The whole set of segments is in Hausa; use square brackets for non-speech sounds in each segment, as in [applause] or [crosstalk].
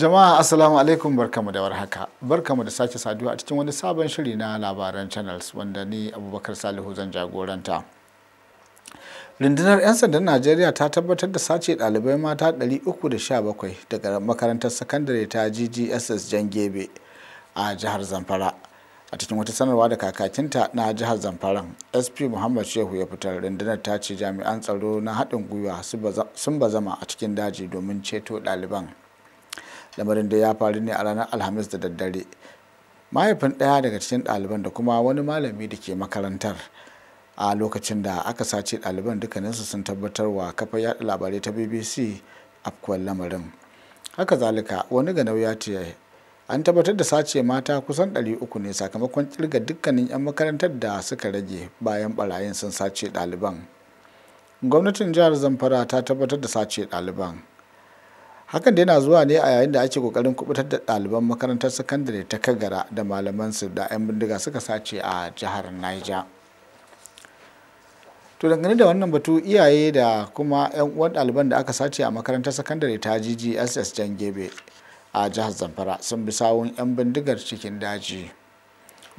Jama'a Assalamu alaikum barkamu da warhaka. Barkamu da sake saduwa a cikin wani sabon shiri na labaran channels wanda ni Abubakar Salihu zan jagoranta. Rundunar 'yan sandan Najeriya ta tabbatar da sace dalibai mata 317 daga makarantar sakandare ta GGSS Jangebe a jihar Zamfara. A cikin wata sanarwa da kakakinta na jihar zamfara SP Muhammad Shehu ya fitar rundunar ta ce jami'an tsaro na haɗin gwiwa sun ba zama a cikin daji domin ceto ɗaliban. lamarin da ya faru ne a ranar alhamis da daddare mahaifin ɗaya daga cikin ɗaliban da kuma wani malami da ke makarantar a lokacin da aka sace ɗaliban dukkaninsu sun tabbatar wa kafa yaɗa labarai ta bbc afkuwar lamarin haka zalika wani ganau ya ce an tabbatar da sace mata kusan ɗari uku ne sakamakon kirga dukkanin 'yan makarantar da suka rage bayan barayin sun sace ɗaliban gwamnatin jihar zamfara ta tabbatar da sace ɗaliban hakan da yana zuwa ne a yayin da ake kokarin kubutar da ɗaliban makarantar sakandare ta kagara da malaman su da 'yan bindiga suka sace a jihar niger to dangane da wannan batu iyaye da kuma 'yan uwan ɗaliban da aka sace a makarantar sakandare ta ggss jan gebe a jihar zamfara sun bi sawun 'yan bindigar cikin daji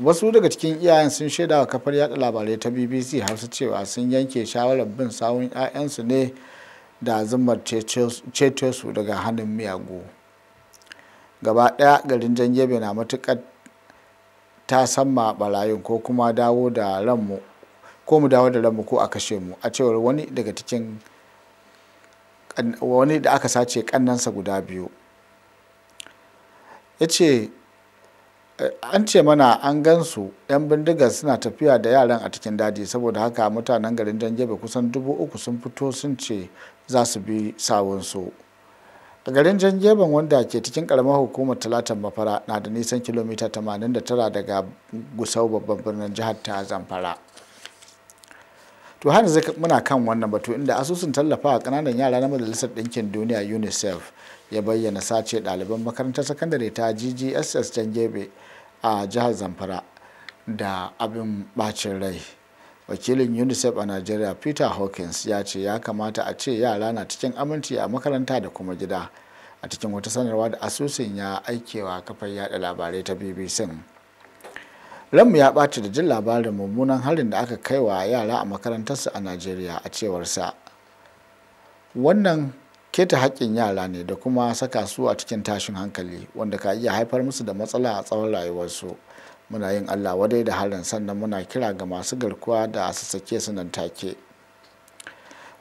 wasu daga cikin iyayen sun shaidawa kafar yada labarai ta bbc har su cewa sun yanke shawarar bin sawun 'ya'yansu ne da zumar ceto daga hannun miyagu gaba ɗaya garin jangebe na matuƙar ta samma barayin ko kuma dawo da ranmu ko mu dawo da ranmu ko a kashe mu a cewar wani daga cikin wani da aka sace kannansa guda biyu ya ce an ce mana an gan su 'yan bindigar suna tafiya da yaran a cikin daji saboda haka mutanen garin jangebe kusan dubu uku sun fito sun ce za su bi sawunsu a garin jangeben wanda ke cikin karamar hukumar talatan mafara na da nisan kilomita 89 daga gusau babban birnin jihar ta zamfara to hannu zai muna kan wannan batu inda asusun tallafa a kananan yara na majalisar ɗinkin duniya unicef ya bayyana sace ɗaliban makarantar sakandare ta ggss can gebe a jihar zamfara da abin bacin rai wakilin unicef a nigeria peter hawkins ya ce ya kamata a ce yara na cikin aminci a makaranta da kuma gida a cikin wata sanarwa da asusun ya aikewa kafar yada labarai ta bbc ranmu ya ɓaci da jin labarin mummunan harin da aka kai wa yara a makarantarsu a nigeria a cewarsa wannan keta haƙƙin yara ne da kuma saka su a cikin tashin hankali wanda ka iya haifar musu da matsala a tsawon rayuwarsu muna yin allah wadai da halin sannan muna kira ga masu garkuwa da su sake su nan take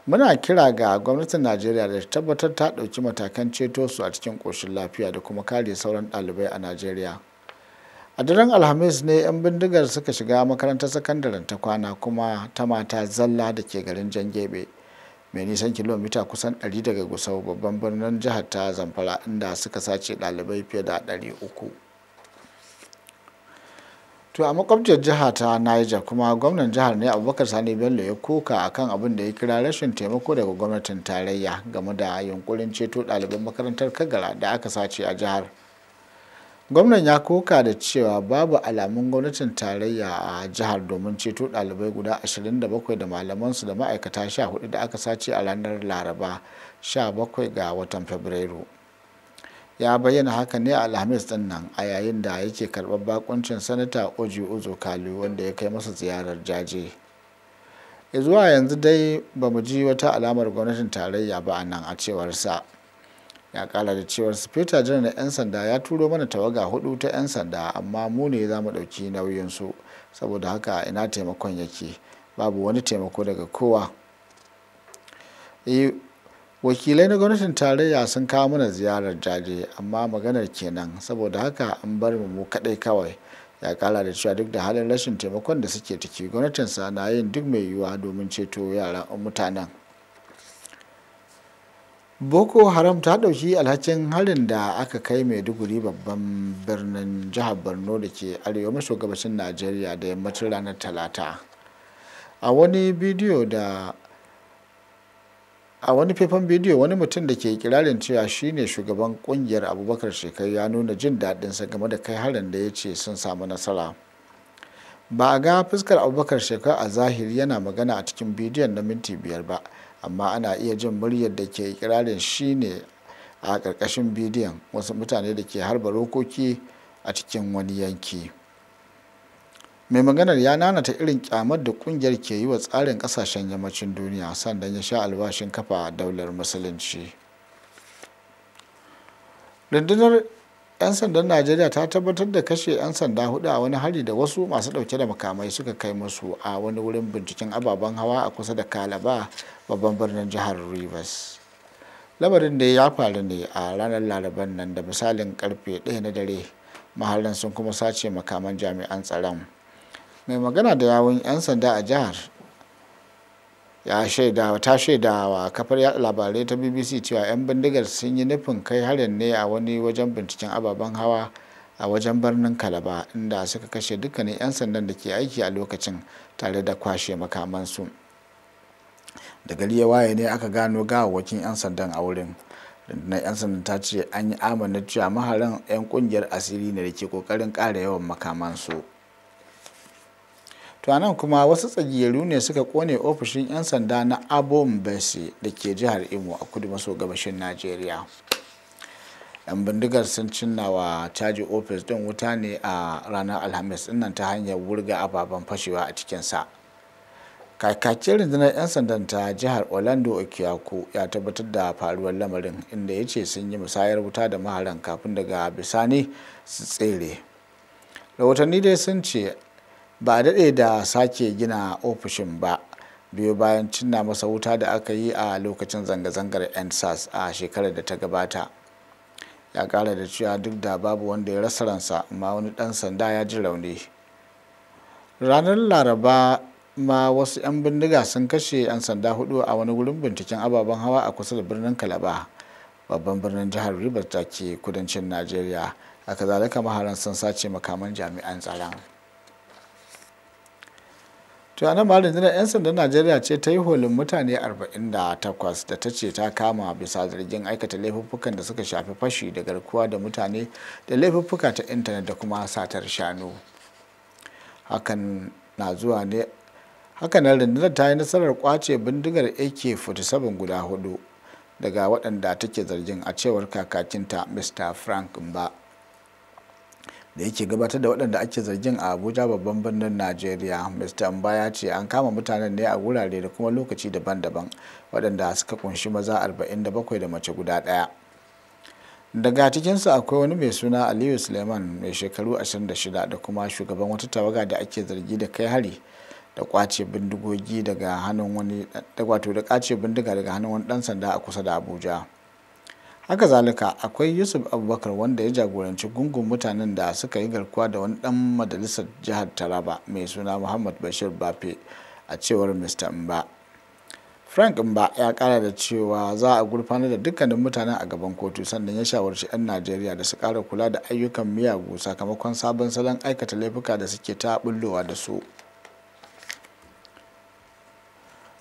muna kira ga gwamnatin najeriya da tabbatar ta ɗauki matakan ceto su a cikin ƙoshin lafiya da kuma kare sauran ɗalibai a najeriya a daren alhamis ne 'yan bindigar suka shiga makarantar sakandaren ta kwana kuma ta mata zalla da ke garin jangebe mai nisan kilomita kusan 100 daga gusau babban birnin jihar ta zamfara inda suka sace dalibai fiye da 300 to a makwabciyar jiha ta niger kuma gwamnan jihar ne abubakar sani bello ya koka akan abin da ya kira rashin taimako daga gwamnatin tarayya game da yunkurin ceto ɗaliban makarantar kagara da aka sace a jihar gwamnan ya koka da cewa babu alamun gwamnatin tarayya a jihar domin ceto ɗalibai guda 27 da malamansu da ma'aikata 14 da aka sace a ranar laraba 17 ga watan fabrairu ya bayyana haka ne a alhamis din a yayin da yake karɓar bakuncin sanata oji uzo kalu wanda ya kai masa ziyarar jaje zuwa yanzu dai ba mu ji wata alamar gwamnatin tarayya ba a nan a cewarsa. sa ya kara da cewar sufeta janar na 'yan sanda ya turo mana tawaga hudu ta 'yan sanda amma mu ne za mu ɗauki nauyinsu saboda haka ina taimakon yake babu wani taimako daga kowa e, wakilai na gwamnatin tarayya sun kawo mana ziyarar jaje amma maganar kenan saboda haka an bar mu mu kaɗai kawai ya kara da cewa duk da halin rashin taimakon da suke ciki gwamnatinsa na yin duk mai yiwuwa domin ceto yaran mutanen boko haram ta ɗauki alhakin harin da aka kai maiduguri babban birnin jihar borno da ke arewa maso gabashin najeriya da yammacin ranar talata a wani bidiyo da a wani faifan bidiyo wani mutum da ke kirarin cewa shine shugaban kungiyar abubakar shekaru ya nuna jin daɗinsa game da kai harin da ya ce sun samu nasara ba a ga fuskar abubakar shekaru a zahiri yana magana a cikin bidiyon na minti biyar ba amma ana iya jin muryar da ke kirarin shi ne a ƙarƙashin bidiyon wasu mutane da ke harba rokoki a cikin wani yanki mai maganar ya nanata irin kyamar da kungiyar ke yi wa tsarin kasashen yammacin duniya sannan ya sha albashin kafa daular musulunci rundunar 'yan sandan najeriya ta tabbatar da kashe 'yan sanda hudu a wani hari da wasu masu dauke da makamai suka kai musu a wani wurin binciken ababen hawa a kusa da kalaba babban birnin jihar rivers lamarin da ya faru ne a ranar laraban nan da misalin karfe 1 na dare mahallin sun kuma sace makaman jami'an tsaron mai magana da yawun 'yan sanda a jihar ya shaida ta shaidawa kafar yada labarai ta bbc cewa 'yan bindigar sun yi nufin kai harin ne a wani wajen binciken ababen hawa a wajen birnin kalaba inda suka kashe dukkanin 'yan sandan da ke aiki a lokacin tare da kwashe makamansu da gari ya waye ne aka gano gawawwakin 'yan sandan a wurin rundunar 'yan sandan ta ce an yi amana cewa maharan 'yan kungiyar asiri ne da ke kokarin kare yawan makamansu to nan kuma wasu tsagiyaru ne suka kone ofishin 'yan sanda na abon bese da ke jihar imo a kudu maso gabashin najeriya yan bindigar sun cinna wa caji ofis din wuta ne a ranar alhamis dinnan ta hanyar wurga ababen fashewa a cikinsa kakakin rundunar 'yan sandan ta jihar orlando okiyaku ya tabbatar da faruwar lamarin inda ya ce sun yi musayar wuta da maharan kafin daga bisani su tsere rahotanni dai sun ce ba daɗe da sake gina ofishin ba biyu bayan cinna masa wuta da aka yi a lokacin zanga-zangar ensas a shekarar da ta gabata ya ƙara da cewa duk da babu wanda ya rasa ransa amma wani ɗan sanda ya ji rauni ranar laraba ma wasu 'yan bindiga sun kashe 'yan sanda hudu a wani wurin binciken ababen hawa a kusa da birnin kalaba babban birnin jihar rivers da ke kudancin najeriya a kazalika maharan sun sace makaman jami'an tsaron to a nan da rundunar 'yan sandan najeriya ce ta yi holin mutane 48 da ta ce ta kama bisa zargin aikata laifuffukan da suka shafi fashi da garkuwa da mutane da laifuffuka ta intanet da kuma satar shanu hakan na zuwa ne hakan na rundunar ta yi nasarar kwace bindigar ak-47 guda hudu daga waɗanda take zargin a cewar kakakinta mr frank mba da yake gabatar da waɗanda ake zargin a abuja babban birnin najeriya mr amba ya ce an kama mutanen ne a wurare da kuma lokaci daban-daban waɗanda suka kunshi maza 47 da mace guda ɗaya daga cikinsu akwai wani mai suna aliyu suleiman mai shekaru 26 da kuma shugaban wata tawaga da ake zargi da kai hari da kwace bindigogi daga hannun wani da kwace bindiga daga hannun wani dan sanda a kusa da abuja haka zalika akwai yusuf abubakar wanda ya jagoranci gungun mutanen da suka yi garkuwa da wani dan majalisar jihar taraba mai suna muhammad bashir bafe a cewar mr mba frank mba ya kara da cewa za a gurfanar da dukkanin mutanen a gaban kotu sannan ya shawarci 'yan najeriya da su kara kula da ayyukan miyagu sakamakon sabon salon aikata laifuka da suke ta bullowa da su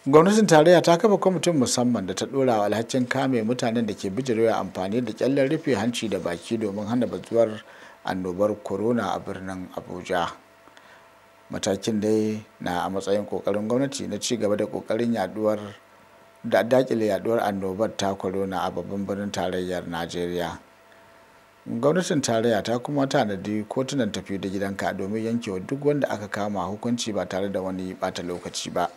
gwamnatin tarayya ta kafa kwamitin musamman da ta dora wa alhakin kame mutanen da ke bijirewa amfani da kyallar rufe hanci da baki domin hana bazuwar annobar corona a birnin abuja matakin dai na a matsayin kokarin gwamnati na ci gaba da kokarin yaduwar da dakile yaduwar annobar ta corona a babban birnin tarayyar najeriya gwamnatin tarayya ta kuma tanadi kotunan tafi da gidanka domin yankewa duk wanda aka kama hukunci ba tare da wani bata lokaci ba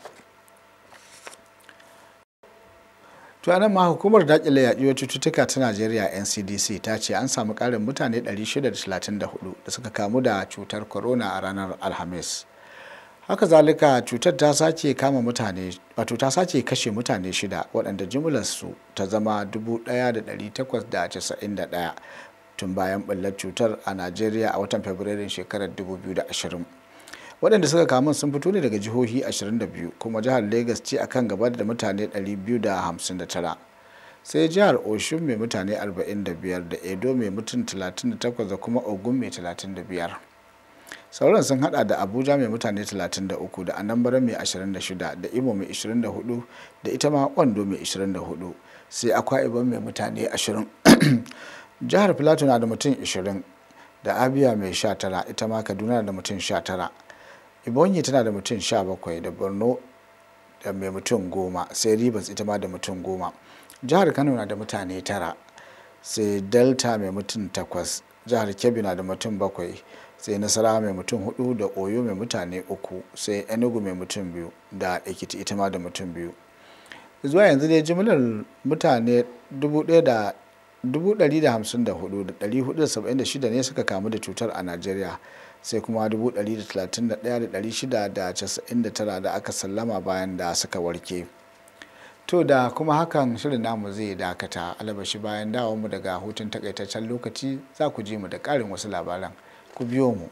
to anan ma hukumar dakile yaduwar cututtuka ta najeriya ncdc ta ce an samu karin mutane 634 da suka kamu da cutar corona a ranar alhamis haka zalika cutar ta sace kama mutane wato ta sake kashe mutane shida waɗanda su ta zama 1891 tun bayan ɓullar cutar a najeriya a watan fabrairun shekarar 2020 waɗanda suka kamu sun fito ne daga jihohi 22 kuma jihar lagos ce a kan gaba da mutane 259 sai jihar oshun mai mutane 45 da edo mai mutum 38 da kuma ogun mai 35 sauran sun hada da abuja mai mutane 33 da anambra mai 26 da imo mai 24 da ita ma kwando mai 24 sai akwa ibom mai mutane 20 [clears throat] jihar plateau na da mutum 20 da abia mai 19 ita ma kaduna da mutum 19 ibonyi tana da mutum 17 da borno da mai mutum goma sai ribas ita ma da mutum goma jihar kano na da mutane tara sai delta mai mutum takwas jihar kebbi na da mutum bakwai sai nasarawa mai mutum hudu da oyo mai mutane uku sai enugu mai mutum biyu da ekiti ita ma da mutum biyu zuwa yanzu dai jimlar mutane 476 ne suka kamu da cutar a najeriya sai kuma 1,631,699 da aka sallama bayan da suka warke to da kuma hakan shirin namu zai dakata alabashi bayan mu daga hutun takaitaccen lokaci za ku ji mu da ƙarin wasu labaran ku biyo mu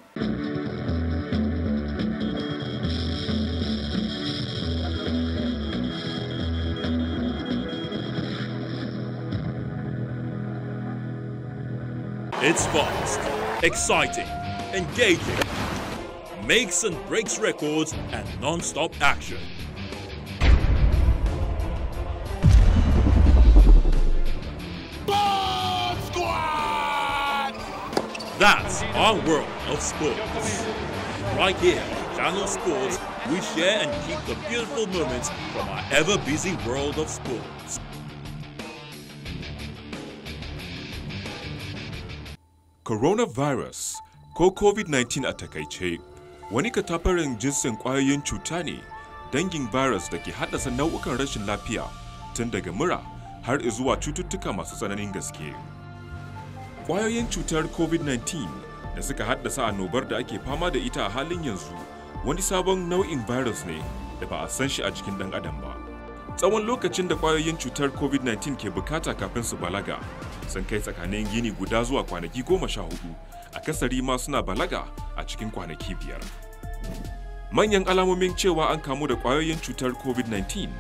It's fast, exciting, engaging, makes and breaks records, and non-stop action. Squad! That's our world of sports. Right here on Channel Sports, we share and keep the beautiful moments from our ever-busy world of sports. Coronavirus ko covid-19 a takaice wani katafaren jinsin kwayoyin cuta ne dangin virus da ke haddasa nau'ukan rashin lafiya tun daga mura har zuwa cututtuka masu tsananin gaske ƙwayoyin cutar covid-19 da suka haddasa annobar da ake fama da ita a halin yanzu wani sabon nau'in virus ne da ba a san shi a jikin ɗan adam ba tsawon lokacin da kwayoyin cutar covid-19 ke bukata kafin su balaga sun kai tsakanin gini guda zuwa kwanaki goma sha hudu akasari ma suna balaga a cikin kwanaki biyar. Manyan alamomin cewa an kamu da ƙwayoyin cutar COVID-19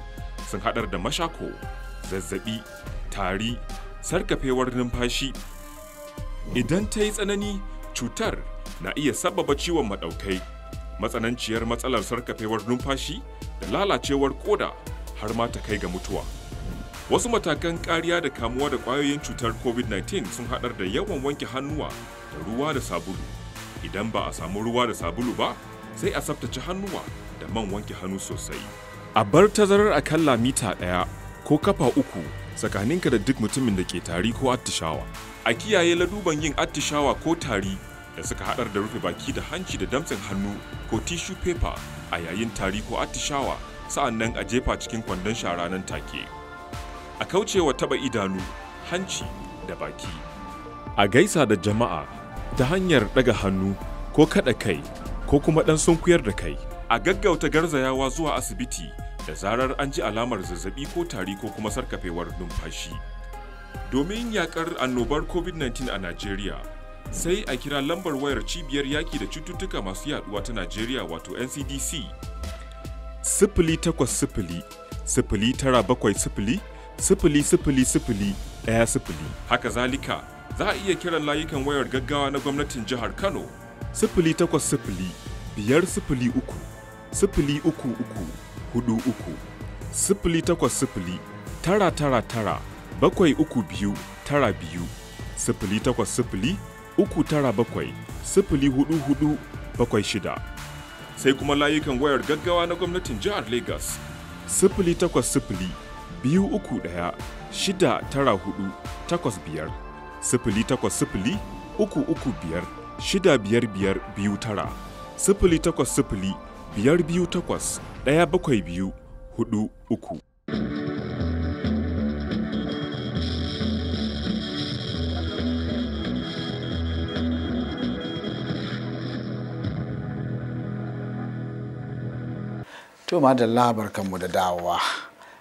sun haɗar da mashako, zazzaɓi, tari, sarkafewar numfashi. Idan ta yi tsanani, cutar na iya sababa ciwon maɗaukai, matsananciyar matsalar sarkafewar numfashi da lalacewar ƙoda har ma ta kai ga mutuwa. Wasu matakan kariya da kamuwa da ƙwayoyin cutar COVID-19 sun haɗar da yawan wanke hannuwa da ruwa da sabulu idan ba a samu ruwa da sabulu ba sai a tsaftace hannuwa da man wanke hannu sosai a bar tazarar a akalla mita ɗaya ko kafa uku tsakaninka da duk mutumin da ke tari ko attishawa a kiyaye laduban yin attishawa ko tari da suka haɗar da rufe baki da hanci da damtsin hannu ko tishu paper a yayin tari ko attishawa sa'an nan a jefa cikin kwandon shara nan take a kaucewa taɓa idanu hanci da baki a gaisa da jama'a ta hanyar ɗaga hannu ko kaɗa kai ko kuma ɗan sunkuyar da kai a gaggauta garzayawa zuwa asibiti da zarar an ji alamar zazzabi ko tari ko kuma sarkafewar numfashi domin yakar annobar covid-19 a najeriya sai a kira lambar wayar cibiyar yaki da cututtuka masu yaduwa ta najeriya wato ncdc sifili takwas sifili sifili tara bakwai sifili sifili sifili sifili ɗaya sifili haka zalika za a iya kiran layukan wayar gaggawa na gwamnatin jihar Kano. Sifili takwas sifili biyar sifili uku sifili uku uku hudu uku sifili takwas sifili tara tara tara bakwai uku biyu tara biyu sifili takwas sifili uku tara bakwai sifili hudu hudu bakwai shida. Sai kuma layukan wayar gaggawa na gwamnatin jihar Legas. Sifili takwas sifili biyu uku ɗaya shida tara hudu takwas biyar. sifili takwas sifili uku uku biyar shida biyar biyar biyu tara sifili takwas sifili biyar biyu takwas ɗaya bakwai biyu hudu uku. To madalla barkanmu da dawowa.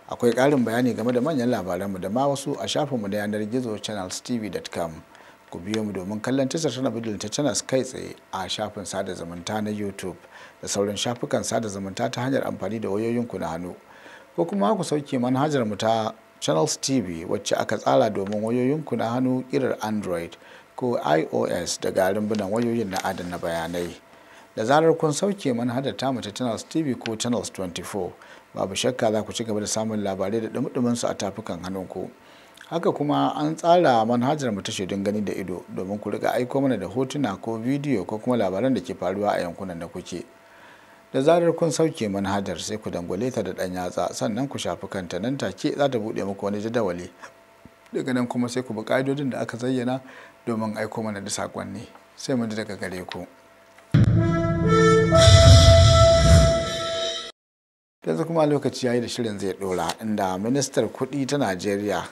akwai ƙarin bayani game da manyan labaranmu da ma wasu a shafinmu na yanar gizo channelstv.com ku biyo mu domin kallon tashar talabijin ta channels kai tsaye a shafin sada zumunta na youtube da sauran shafukan sada zumunta ta hanyar amfani da wayoyinku na hannu ko kuma ku sauke manhajar mu ta channels tv wacce aka tsara domin wayoyinku na hannu kirar android ko ios da garin rumbunan wayoyin na adana bayanai da zarar kun sauke manhajar tamu ta channels tv ko channels 24 babu shakka za ku ci gaba da samun labarai da dumdumin su a tafukan hannunku haka kuma an tsara manhajar mu ta shaidun gani da ido domin ku riga aiko mana da hotuna ko bidiyo ko kuma labaran da ke faruwa a yankunan da kuke da zarar kun sauke manhajar sai ku dangwale ta da ɗan yatsa sannan ku shafi kanta nan take za ta buɗe muku wani jadawali daga nan kuma sai ku bi kaidodin da aka zayyana domin aiko mana da sakonni, sai mu ji daga gare ku. yanzu kuma lokaci ya yi da shirin zai dora inda ministar kudi ta najeriya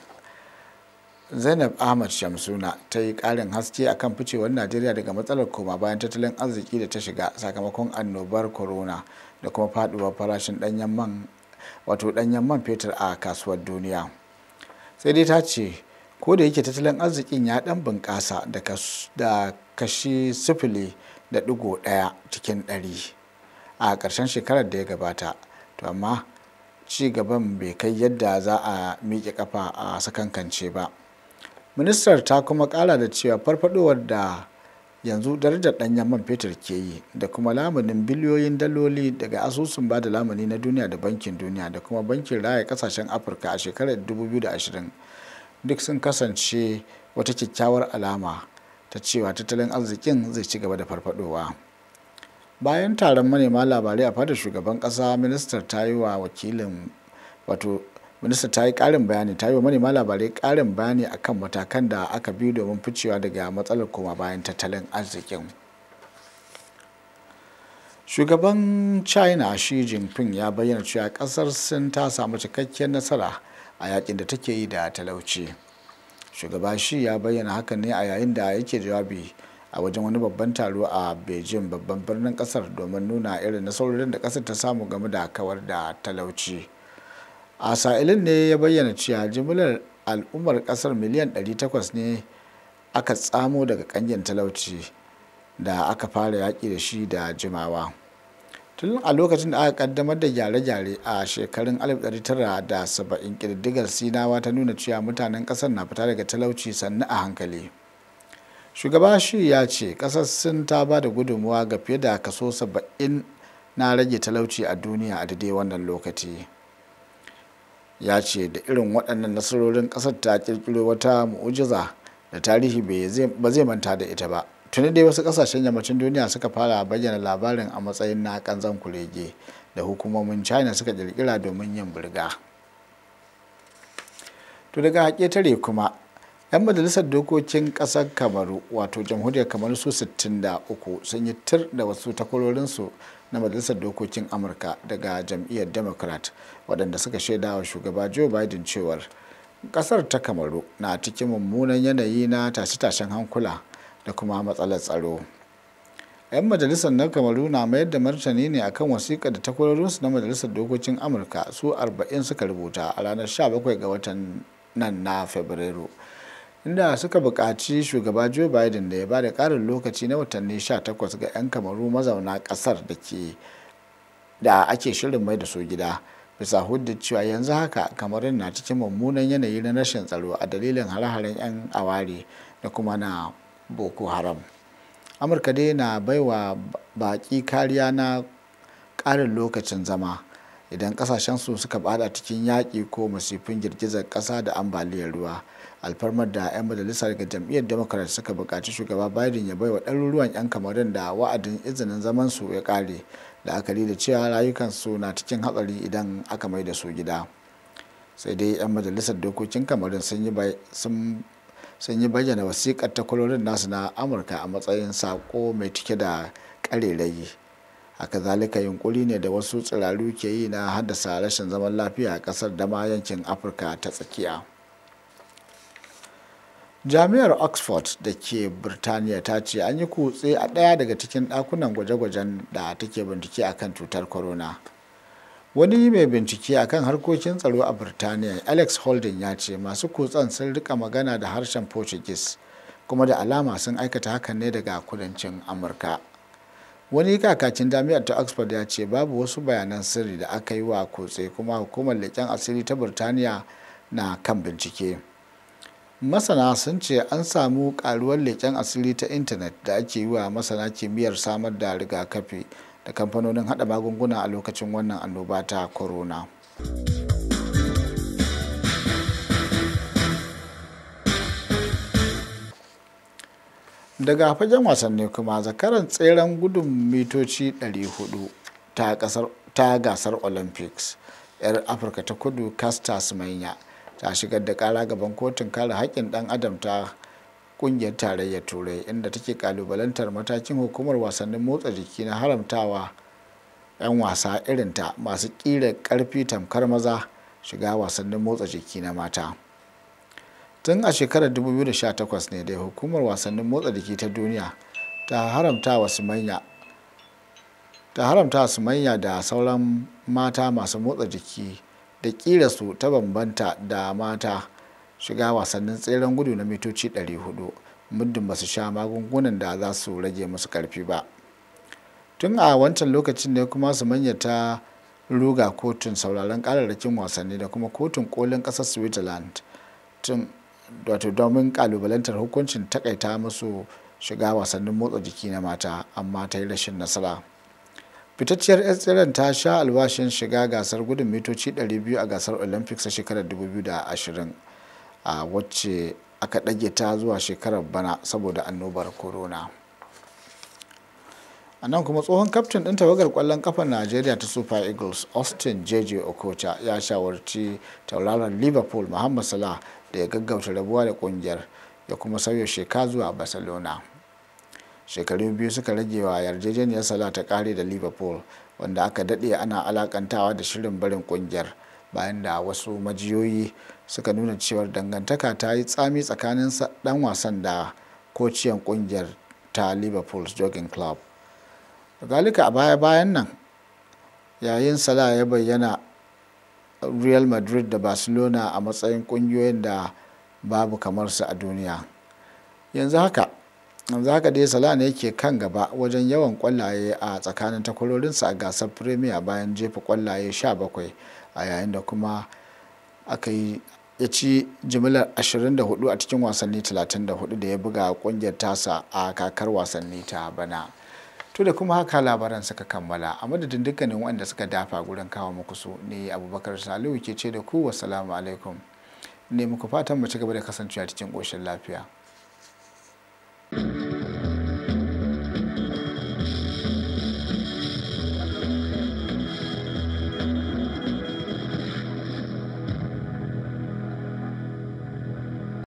zainab ahmad shamsuna ta yi karin haske a kan ficewar najeriya daga matsalar koma bayan tattalin arziki da ta shiga sakamakon annobar corona da kuma faduwar farashin danyen man wato ɗanyen man fetur a kasuwar duniya sai dai ta ce ko da yake tattalin arzikin ya dan bunƙasa da kashi sifili da ɗigo ɗaya cikin ɗari a ƙarshen shekarar da ya gabata to amma ci gaban bai kai yadda za a miƙe kafa a sakankance ba ministar ta kuma ƙara da cewa farfadowar da yanzu darajar ɗanyen man fetur ke yi da kuma lamunin biliyoyin daloli daga asusun ba da lamuni na duniya da bankin duniya da kuma bankin raya kasashen afirka a shekarar 2020 duk sun kasance wata kyakkyawar alama ta cewa tattalin arzikin zai ci gaba da farfadowa bayan taron manema labarai a fadar shugaban kasa ministar ta yi wa wakilin wato ta yi karin bayani ta yi wa manema labarai karin bayani akan matakan da aka bi domin ficewa daga matsalar koma bayan tattalin arzikin shugaban china shi jinping ya bayyana cewa kasar sin ta samu cikakkiyar nasara a yakin da take yi da talauci shugaba shi ya bayyana hakan ne a yayin da yake jawabi a wajen wani babban taro a beijing babban birnin kasar domin nuna irin nasarorin da kasar ta samu game da kawar da talauci a sa'ilin ne ya bayyana cewa jimillar al'ummar kasar miliyan 800 ne aka tsamo daga kangen talauci da aka fara yaƙi da shi da jimawa. tun a lokacin da aka kaddamar da gyare-gyare a shekarun 1970 ƙididdigar sinawa ta nuna cewa mutanen ƙasar na fita daga talauci sannu a hankali shugaba shi ya ce ƙasar sun ta ba da gudunmuwa ga fiye da kaso 70 na rage talauci a duniya a daidai wannan lokaci ya ce da irin waɗannan nasarorin ƙasar ta ƙirƙiro wata mu'ujiza da tarihi ba zai manta da ita ba tuni dai wasu kasashen yammacin duniya suka fara bayyana labarin a matsayin na kanzan kurege da hukumomin china suka kirkira domin yin burga. to daga tare kuma 'yan majalisar dokokin ƙasar kamaru wato jamhuriyar kamaru su 63 sun yi tir da wasu takwarorinsu na majalisar dokokin amurka daga jam'iyyar democrat waɗanda suka shaida wa shugaba joe biden cewar ƙasar ta kamaru na cikin mummunan yanayi na tashe-tashen hankula da kuma matsalar tsaro 'yan majalisar na kamaru na mayar da martani ne a kan wasiƙa da su na majalisar dokokin amurka su 40 suka rubuta a ranar 17 ga watan nan na fabrairu inda suka buƙaci shugaba joe biden da ya ba da ƙarin lokaci na watanni 18 ga 'yan kamaru mazauna ƙasar da ke da ake shirin mai da su gida bisa hudda cewa yanzu haka kamarin na cikin mummunan yanayi na rashin tsaro a dalilin hare-haren 'yan awari da kuma na boko haram amurka dai na baiwa baki kariya na karin lokacin zama idan kasashen su suka bada cikin yaƙi ko masifin girgizar ƙasa da ambaliyar ruwa alfarmar da 'yan majalisar ga jam'iyyar democrat suka buƙaci shugaba biden ya baiwa ɗaruruwan 'yan kamarin da wa'adin izinin zaman su ya ƙare la'akari da cewa rayukansu na cikin hatsari idan aka mai da su gida sai dai 'yan majalisar dokokin kamarin sun sun yi bayyana wasiƙar takwarorin nasu na amurka a matsayin saƙo mai cike da ƙarerayi haka zalika yunkuri ne da wasu tsiraru ke yi na haddasa rashin zaman lafiya a ƙasar da ma yankin afirka ta tsakiya jami'ar oxford da ke birtaniya ta ce an yi kutse a ɗaya daga cikin ɗakunan gwaje-gwajen da take bincike akan cutar corona. wani mai bincike akan harkokin tsaro a birtaniya alex holden ya ce masu kutsan sun rika magana da harshen portuguese kuma da alama sun aikata hakan ne daga kudancin amurka wani kakacin jami'ar ta oxford ya ce babu wasu bayanan sirri da aka yi wa kutse kuma hukumar leƙen asiri ta birtaniya na kan bincike masana sun ce an samu karuwar leƙen asiri ta intanet da ake yi wa masana kimiyyar samar da rigakafi da kamfanonin hada magunguna a lokacin wannan annoba ta corona. daga fagen wasanni kuma zakaran tseren gudun mitoci 400 ta gasar olympics yar afirka ta kudu casta manya ta shigar da kara gaban kotun kare haƙƙin dan adam ta kungiyar tarayyar turai inda take kalubalantar matakin hukumar wasannin motsa jiki na haramtawa 'yan wasa irinta masu ƙira ƙarfi tamkar maza shiga wasannin motsa jiki na mata tun a shekarar 2018 ne da hukumar wasannin motsa jiki ta duniya ta haramta wasu da sauran mata masu motsa jiki da ƙira su ta bambanta da mata shiga wasannin tseren gudu na mitoci 400 muddin ba su sha magungunan da za su rage musu karfi ba tun a wancan lokacin ne kuma su manya ta ruga kotun sauraron kararrakin wasanni da kuma kotun kolin kasar switzerland tun wato domin kalubalantar hukuncin takaita musu shiga wasannin motsa jiki na mata amma ta yi rashin nasara fitacciyar 'yan tseren ta sha albashin shiga gasar gudun mitoci 200 a gasar olympics a shekarar 2020 a wacce aka ɗage ta zuwa shekarar bana saboda annobar corona a nan kuma tsohon kaftin ɗin tawagar ƙwallon ƙafar najeriya ta super eagles austin jeje okocha ya shawarci tauraron liverpool muhammad salah da ya gaggauta rabuwa da ƙungiyar ya kuma sauya sheka zuwa barcelona shekaru biyu suka rage wa yarjejeniyar salah ta ƙare da liverpool wanda aka daɗe ana alakantawa da shirin barin ƙungiyar bayan da wasu majiyoyi suka nuna cewar dangantaka ta yi tsami tsakanin dan wasan da kociyan kungiyar ta liverpool jogging club galika a baya-bayan nan yayin sala ya bayyana real madrid da barcelona a matsayin kungiyoyin da babu kamar su a duniya yanzu haka yanzu haka dai sala ne yake kan gaba wajen yawan kwallaye a tsakanin takwarorinsa a gasar premier bayan jefa kwallaye 17 a yayin da kuma aka yi ya ci jimilar 24 a cikin wasanni 34 da ya buga kungiyar tasa a kakar wasanni ta bana to da kuma haka labaran suka kammala a madadin dukkanin waɗanda suka dafa gurin kawo muku su ne abubakar salihu ke ce da ku wasalamu alaikum ne muku fatan mu ci gaba da kasancewa cikin koshin lafiya